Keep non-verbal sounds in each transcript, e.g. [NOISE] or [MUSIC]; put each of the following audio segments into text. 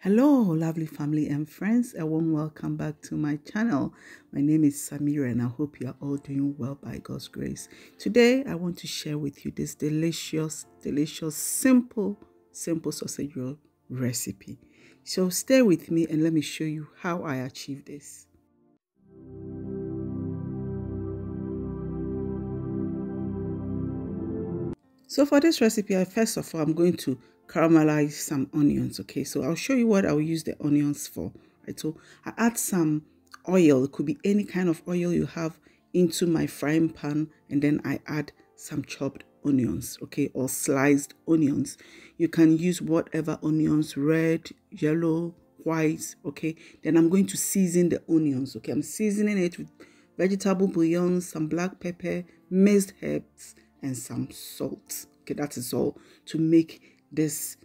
Hello, lovely family and friends. A warm welcome back to my channel. My name is Samira and I hope you are all doing well by God's grace. Today, I want to share with you this delicious, delicious, simple, simple sausage roll recipe. So stay with me and let me show you how I achieve this. So for this recipe, I first of all, I'm going to caramelize some onions okay so i'll show you what i'll use the onions for right so i add some oil it could be any kind of oil you have into my frying pan and then i add some chopped onions okay or sliced onions you can use whatever onions red yellow white okay then i'm going to season the onions okay i'm seasoning it with vegetable bouillon some black pepper minced herbs and some salt okay that is all to make this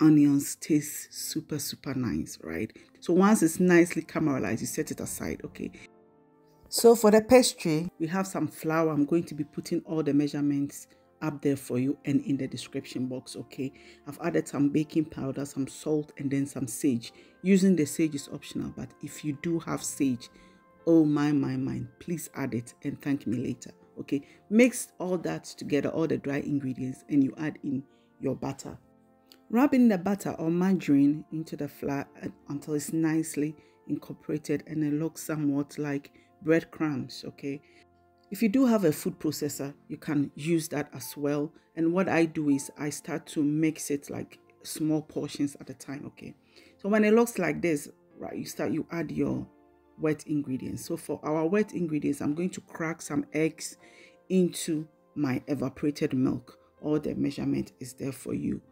onions taste super super nice right so once it's nicely caramelized you set it aside okay so for the pastry we have some flour i'm going to be putting all the measurements up there for you and in the description box okay i've added some baking powder some salt and then some sage using the sage is optional but if you do have sage oh my my my please add it and thank me later okay mix all that together all the dry ingredients and you add in your butter Rubbing the butter or margarine into the flour until it's nicely incorporated and it looks somewhat like breadcrumbs, okay? If you do have a food processor, you can use that as well. And what I do is I start to mix it like small portions at a time, okay? So when it looks like this, right, you start, you add your wet ingredients. So for our wet ingredients, I'm going to crack some eggs into my evaporated milk. All the measurement is there for you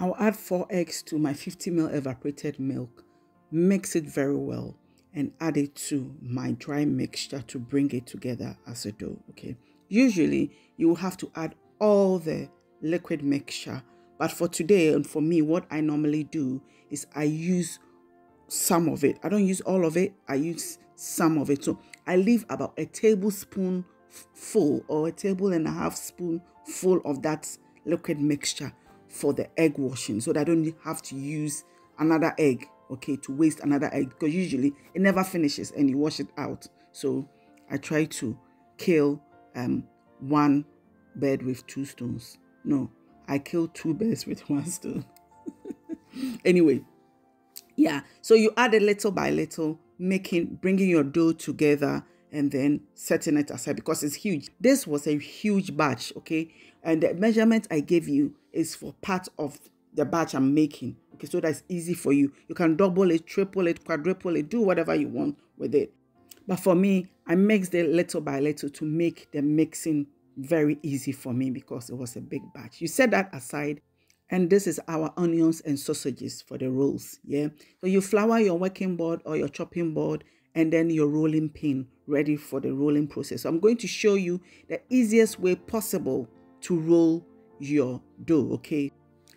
I'll add 4 eggs to my 50 ml evaporated milk, mix it very well, and add it to my dry mixture to bring it together as a dough. Okay, usually you will have to add all the liquid mixture, but for today and for me, what I normally do is I use some of it. I don't use all of it, I use some of it. So I leave about a tablespoon full or a table and a half spoon full of that liquid mixture for the egg washing so that I don't have to use another egg, okay, to waste another egg because usually it never finishes and you wash it out. So I try to kill um, one bird with two stones. No, I kill two birds with [LAUGHS] one stone. [LAUGHS] anyway, yeah, so you add it little by little, making bringing your dough together and then setting it aside because it's huge. This was a huge batch, okay? And the measurement I gave you is for part of the batch I'm making, okay? So that's easy for you. You can double it, triple it, quadruple it, do whatever you want with it. But for me, I mixed it little by little to make the mixing very easy for me because it was a big batch. You set that aside and this is our onions and sausages for the rolls yeah so you flour your working board or your chopping board and then your rolling pin ready for the rolling process. So I'm going to show you the easiest way possible to roll your dough, okay?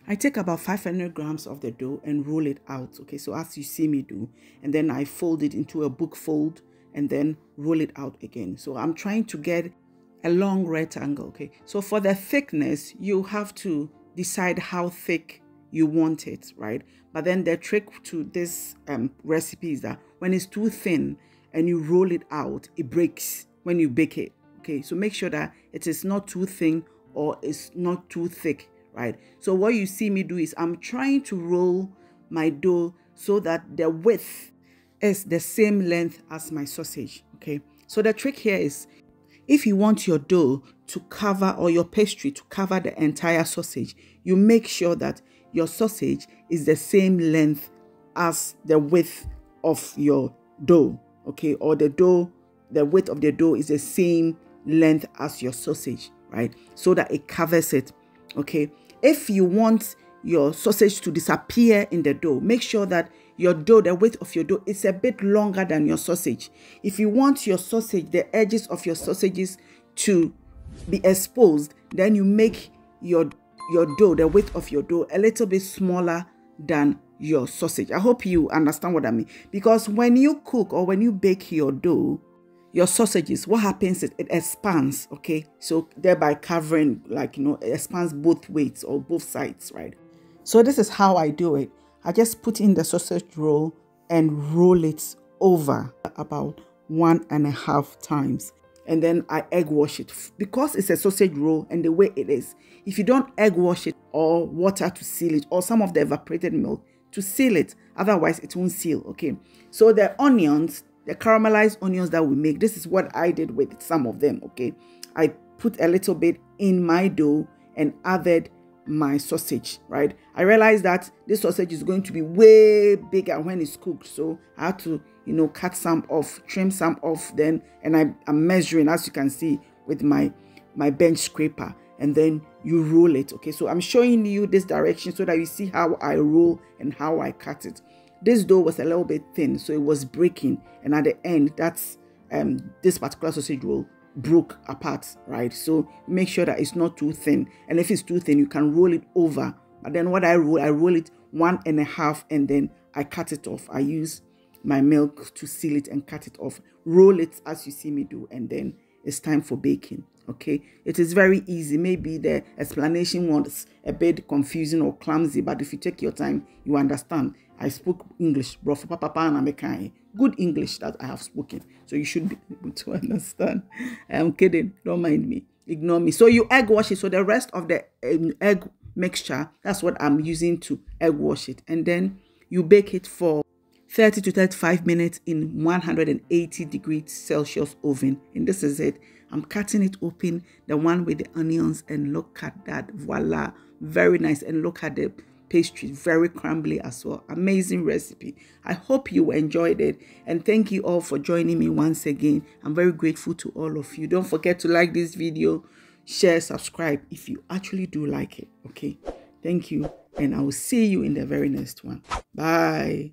I take about 500 grams of the dough and roll it out, okay? So as you see me do, and then I fold it into a book fold and then roll it out again. So I'm trying to get a long rectangle, okay? So for the thickness, you have to decide how thick you want it, right? But then the trick to this um, recipe is that when it's too thin and you roll it out, it breaks when you bake it. Okay, so make sure that it is not too thin or it's not too thick, right? So what you see me do is I'm trying to roll my dough so that the width is the same length as my sausage, okay? So the trick here is if you want your dough to cover or your pastry to cover the entire sausage, you make sure that your sausage is the same length as the width of your dough, okay? Or the dough, the width of the dough is the same length as your sausage, right? So that it covers it, okay? If you want your sausage to disappear in the dough, make sure that your dough, the width of your dough, is a bit longer than your sausage. If you want your sausage, the edges of your sausages to be exposed, then you make your your dough, the width of your dough, a little bit smaller than your sausage. I hope you understand what I mean. Because when you cook or when you bake your dough, your sausages, what happens is it expands, okay? So thereby covering, like, you know, expands both weights or both sides, right? So this is how I do it. I just put in the sausage roll and roll it over about one and a half times and then I egg wash it because it's a sausage roll and the way it is. If you don't egg wash it or water to seal it or some of the evaporated milk to seal it, otherwise it won't seal. Okay, so the onions, the caramelized onions that we make, this is what I did with some of them. Okay, I put a little bit in my dough and added my sausage, right? I realized that this sausage is going to be way bigger when it's cooked. So I had to, you know, cut some off, trim some off then. And I, am measuring, as you can see, with my, my bench scraper. And then you roll it, okay? So I'm showing you this direction so that you see how I roll and how I cut it. This dough was a little bit thin, so it was breaking. And at the end, that's um, this particular sausage roll broke apart, right? So make sure that it's not too thin. And if it's too thin, you can roll it over. But then what I roll, I roll it one and a half and then I cut it off. I use my milk to seal it and cut it off. Roll it as you see me do and then it's time for baking okay it is very easy maybe the explanation was a bit confusing or clumsy but if you take your time you understand i spoke english bro papa good english that i have spoken so you should be [LAUGHS] able to understand i'm kidding don't mind me ignore me so you egg wash it so the rest of the um, egg mixture that's what i'm using to egg wash it and then you bake it for 30 to 35 minutes in 180 degrees Celsius oven. And this is it. I'm cutting it open, the one with the onions, and look at that. Voila. Very nice. And look at the pastry, very crumbly as well. Amazing recipe. I hope you enjoyed it. And thank you all for joining me once again. I'm very grateful to all of you. Don't forget to like this video, share, subscribe if you actually do like it. Okay. Thank you. And I will see you in the very next one. Bye.